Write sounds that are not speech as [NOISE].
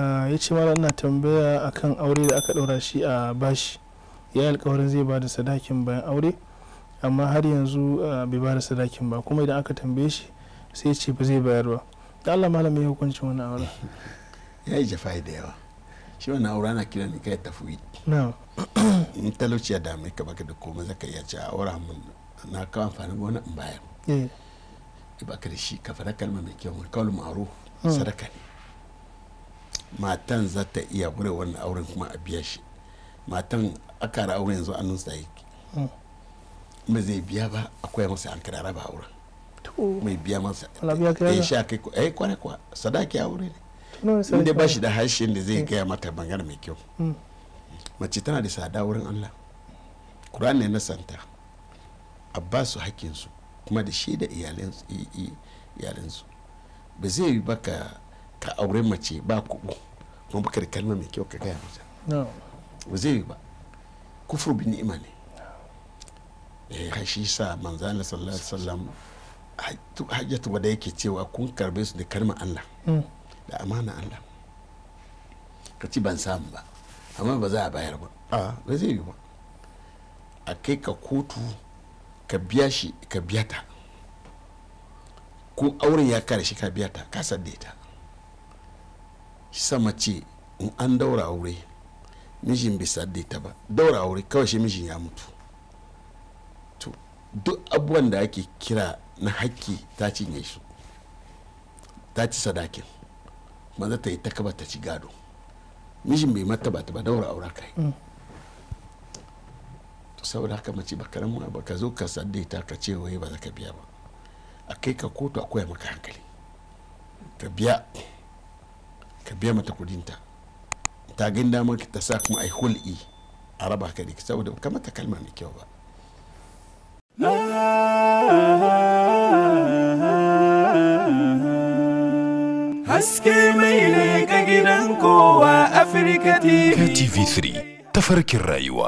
Ah, ya ce mara ina tambaya akan aure da aka ɗaura shi a bashi ya yi alkawarin zai ba da sadakin bayan aure amma har yanzu ah, bai ba da sadakin ba kuma idan aka tambaye shi sai ce ba zai bayar ba da allah malam ya hukuncin wani aure [LAUGHS] ya yi jafai da yawa shi wani aure ana kiran ni kai tafi in talauci ya dame ka baka da komai zaka iya ci a wura mun na kawo amfani gona in bayar eh. ka da shi ka fara kalma mai kyau kawul ma'ruf hmm. sadaka ne matan za ta iya gure wannan auren kuma a biya shi matan akara auren yanzu an nusa yake hmm. ba zai biya ba akwai masa an kira raba auren mai biya masa ya sha kai ko eh kwana kwa sadaki aure ne inda ba shi da harshen da zai hmm. gaya mata bangar mai kyau hmm. mace tana da sada wurin Allah Qur'an ne na santa a ba su hakkin su kuma da shi da iyalansu ba zai yi baka ka aure mace ba kuɓu kuma baka da kalma mai kyau ka gaya mace ba zai yi ba kufur bi ni'ima ne eh shi sa manzana sallallahu alaihi wasallam hajjatu wada yake cewa kun karbe su da kalmar Allah mm. da amana Allah ka ci ban samu ba amma ba za a bayar ba a ba zai yi ba a kai ka kotu ka biya shi ka biya ta ko auren ya kare shi ka biya ta ka sadde ta sa mace in an daura aure mijin bai sadde ta ba daura aure kawai shi mijin ya mutu to duk abubuwan da ake kira na hakki ta cinye su ta ci sadakin maza ta yi takaba ta ci gado mijin bai mata ba ta ba daura aure kai mm. to saboda haka mace ba karamin ba ka zo ka sadde ta ka ce wai ba za ka biya ba a kai ka kotu a koya maka hankali ka biya ka biya mata kudinta ta gani damar ta sa kuma ai hul'i a raba ka da saboda ka mata kalma mai kyau ba haske mai ne ga gidan kowa afirka tv3 tafarkin rayuwa